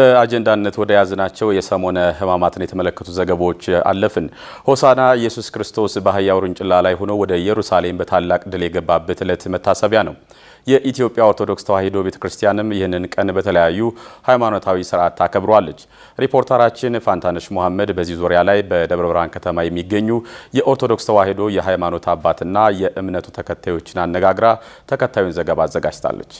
በአጀንዳነት ወደ ያዝናቸው የሰሞነ ሕማማትን የተመለከቱ ዘገባዎች አለፍን። ሆሳና ኢየሱስ ክርስቶስ በአህያ ውርንጭላ ላይ ሆኖ ወደ ኢየሩሳሌም በታላቅ ድል የገባበት ዕለት መታሰቢያ ነው። የኢትዮጵያ ኦርቶዶክስ ተዋሕዶ ቤተ ክርስቲያንም ይህንን ቀን በተለያዩ ሃይማኖታዊ ስርዓት ታከብሯለች። ሪፖርተራችን ፋንታነሽ መሐመድ በዚህ ዙሪያ ላይ በደብረ ብርሃን ከተማ የሚገኙ የኦርቶዶክስ ተዋሕዶ የሃይማኖት አባትና የእምነቱ ተከታዮችን አነጋግራ ተከታዩን ዘገባ አዘጋጅታለች።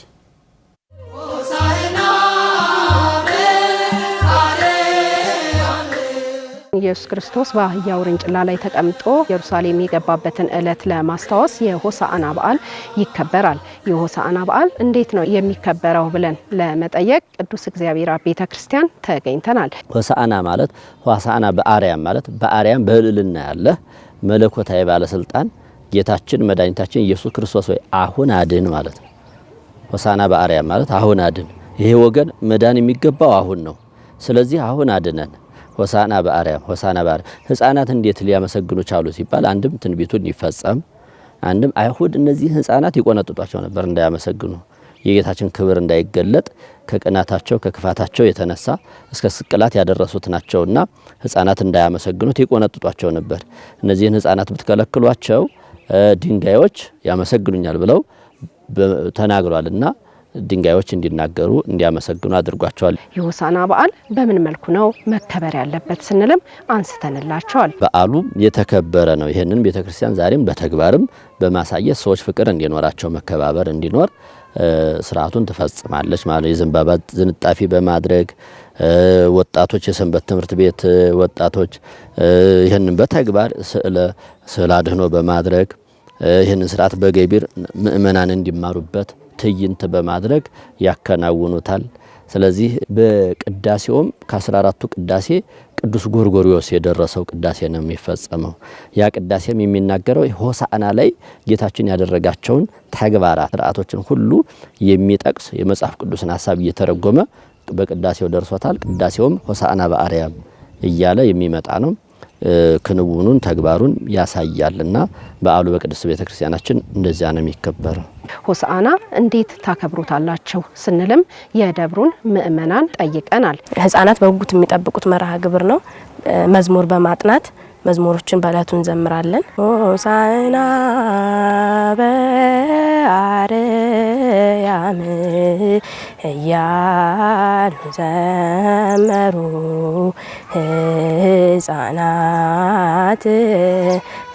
ኢየሱስ ክርስቶስ በአህያ ውርንጭላ ላይ ተቀምጦ ኢየሩሳሌም የገባበትን ዕለት ለማስታወስ የሆሳዕና በዓል ይከበራል። የሆሳዕና በዓል እንዴት ነው የሚከበረው ብለን ለመጠየቅ ቅዱስ እግዚአብሔር አብ ቤተ ክርስቲያን ተገኝተናል። ሆሳዕና ማለት ሆሳዕና በአርያም ማለት በአርያም በልዕልና ያለ መለኮታዊ ባለስልጣን ጌታችን መድኃኒታችን ኢየሱስ ክርስቶስ ወይ አሁን አድን ማለት ነው። ሆሳዕና በአርያም ማለት አሁን አድን። ይሄ ወገን መዳን የሚገባው አሁን ነው። ስለዚህ አሁን አድነን ሆሳና በአርያም ሆሳና በአርያም ህፃናት እንዴት ሊያመሰግኑ ቻሉ ሲባል አንድም ትንቢቱን ይፈጸም፣ አንድም አይሁድ እነዚህ ህፃናት ይቆነጥጧቸው ነበር እንዳያመሰግኑ የጌታችን ክብር እንዳይገለጥ ከቅናታቸው ከክፋታቸው የተነሳ እስከ ስቅላት ያደረሱት ናቸውና ህፃናት እንዳያመሰግኑት ይቆነጥጧቸው ነበር። እነዚህን ህፃናት ብትከለክሏቸው ድንጋዮች ያመሰግኑኛል ብለው ተናግሯልና ድንጋዮች እንዲናገሩ እንዲያመሰግኑ አድርጓቸዋል። የሆሳና በዓል በምን መልኩ ነው መከበር ያለበት ስንልም አንስተንላቸዋል። በዓሉ የተከበረ ነው። ይህንን ቤተክርስቲያን ዛሬም በተግባርም በማሳየት ሰዎች ፍቅር እንዲኖራቸው መከባበር እንዲኖር ስርዓቱን ትፈጽማለች ማለት የዘንባባ ዝንጣፊ በማድረግ ወጣቶች የሰንበት ትምህርት ቤት ወጣቶች ይህንን በተግባር ስዕለ አድህኖ በማድረግ ይህንን ስርዓት በገቢር ምእመናን እንዲማሩበት ትዕይንት በማድረግ ያከናውኑታል። ስለዚህ በቅዳሴውም ከ14ቱ ቅዳሴ ቅዱስ ጎርጎሪዎስ የደረሰው ቅዳሴ ነው የሚፈጸመው። ያ ቅዳሴም የሚናገረው ሆሳዕና ላይ ጌታችን ያደረጋቸውን ተግባራት፣ ስርዓቶችን ሁሉ የሚጠቅስ የመጽሐፍ ቅዱስን ሀሳብ እየተረጎመ በቅዳሴው ደርሶታል። ቅዳሴውም ሆሳዕና በአርያም እያለ የሚመጣ ነው። ክንውኑን ተግባሩን ያሳያል እና በዓሉ በቅድስት ቤተ ክርስቲያናችን እንደዚያ ነው የሚከበረው። ሆሳዕና እንዴት ታከብሩታላችሁ ስንልም የደብሩን ምእመናን ጠይቀናል። ህጻናት በጉጉት የሚጠብቁት መርሃ ግብር ነው። መዝሙር በማጥናት መዝሙሮችን በእለቱ እንዘምራለን። ሆሳዕና በአርያም እያሉ ዘመሩ ሕፃናት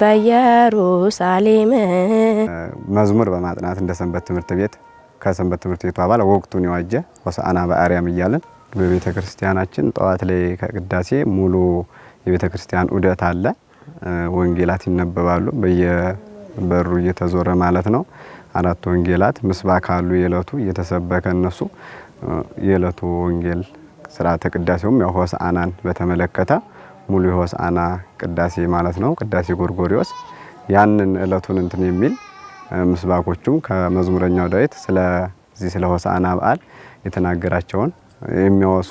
በኢየሩሳሌም። መዝሙር በማጥናት እንደ ሰንበት ትምህርት ቤት ከሰንበት ትምህርት ቤቱ አባል ወቅቱን የዋጀ ሆሳዕና በአርያም እያለን በቤተ ክርስቲያናችን ጠዋት ላይ ከቅዳሴ ሙሉ የቤተ ክርስቲያን ዑደት አለ። ወንጌላት ይነበባሉ በየበሩ እየተዞረ ማለት ነው። አራት ወንጌላት ምስባክ ካሉ የዕለቱ እየተሰበከ እነሱ የዕለቱ ወንጌል ስርዓተ ቅዳሴውም ያው በተመለከተ ሙሉ የሆሳዕና ቅዳሴ ማለት ነው። ቅዳሴ ጎርጎሪዎስ ያንን እለቱን እንትን የሚል ምስባኮቹም ከመዝሙረኛው ዳዊት ስለዚህ ስለ ሆሳዕና በዓል የተናገራቸውን የሚያወሱ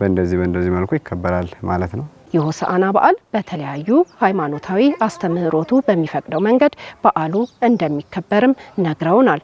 በእንደዚህ በእንደዚህ መልኩ ይከበራል ማለት ነው። የሆሳዕና በዓል በተለያዩ ሃይማኖታዊ አስተምህሮቱ በሚፈቅደው መንገድ በዓሉ እንደሚከበርም ነግረውናል።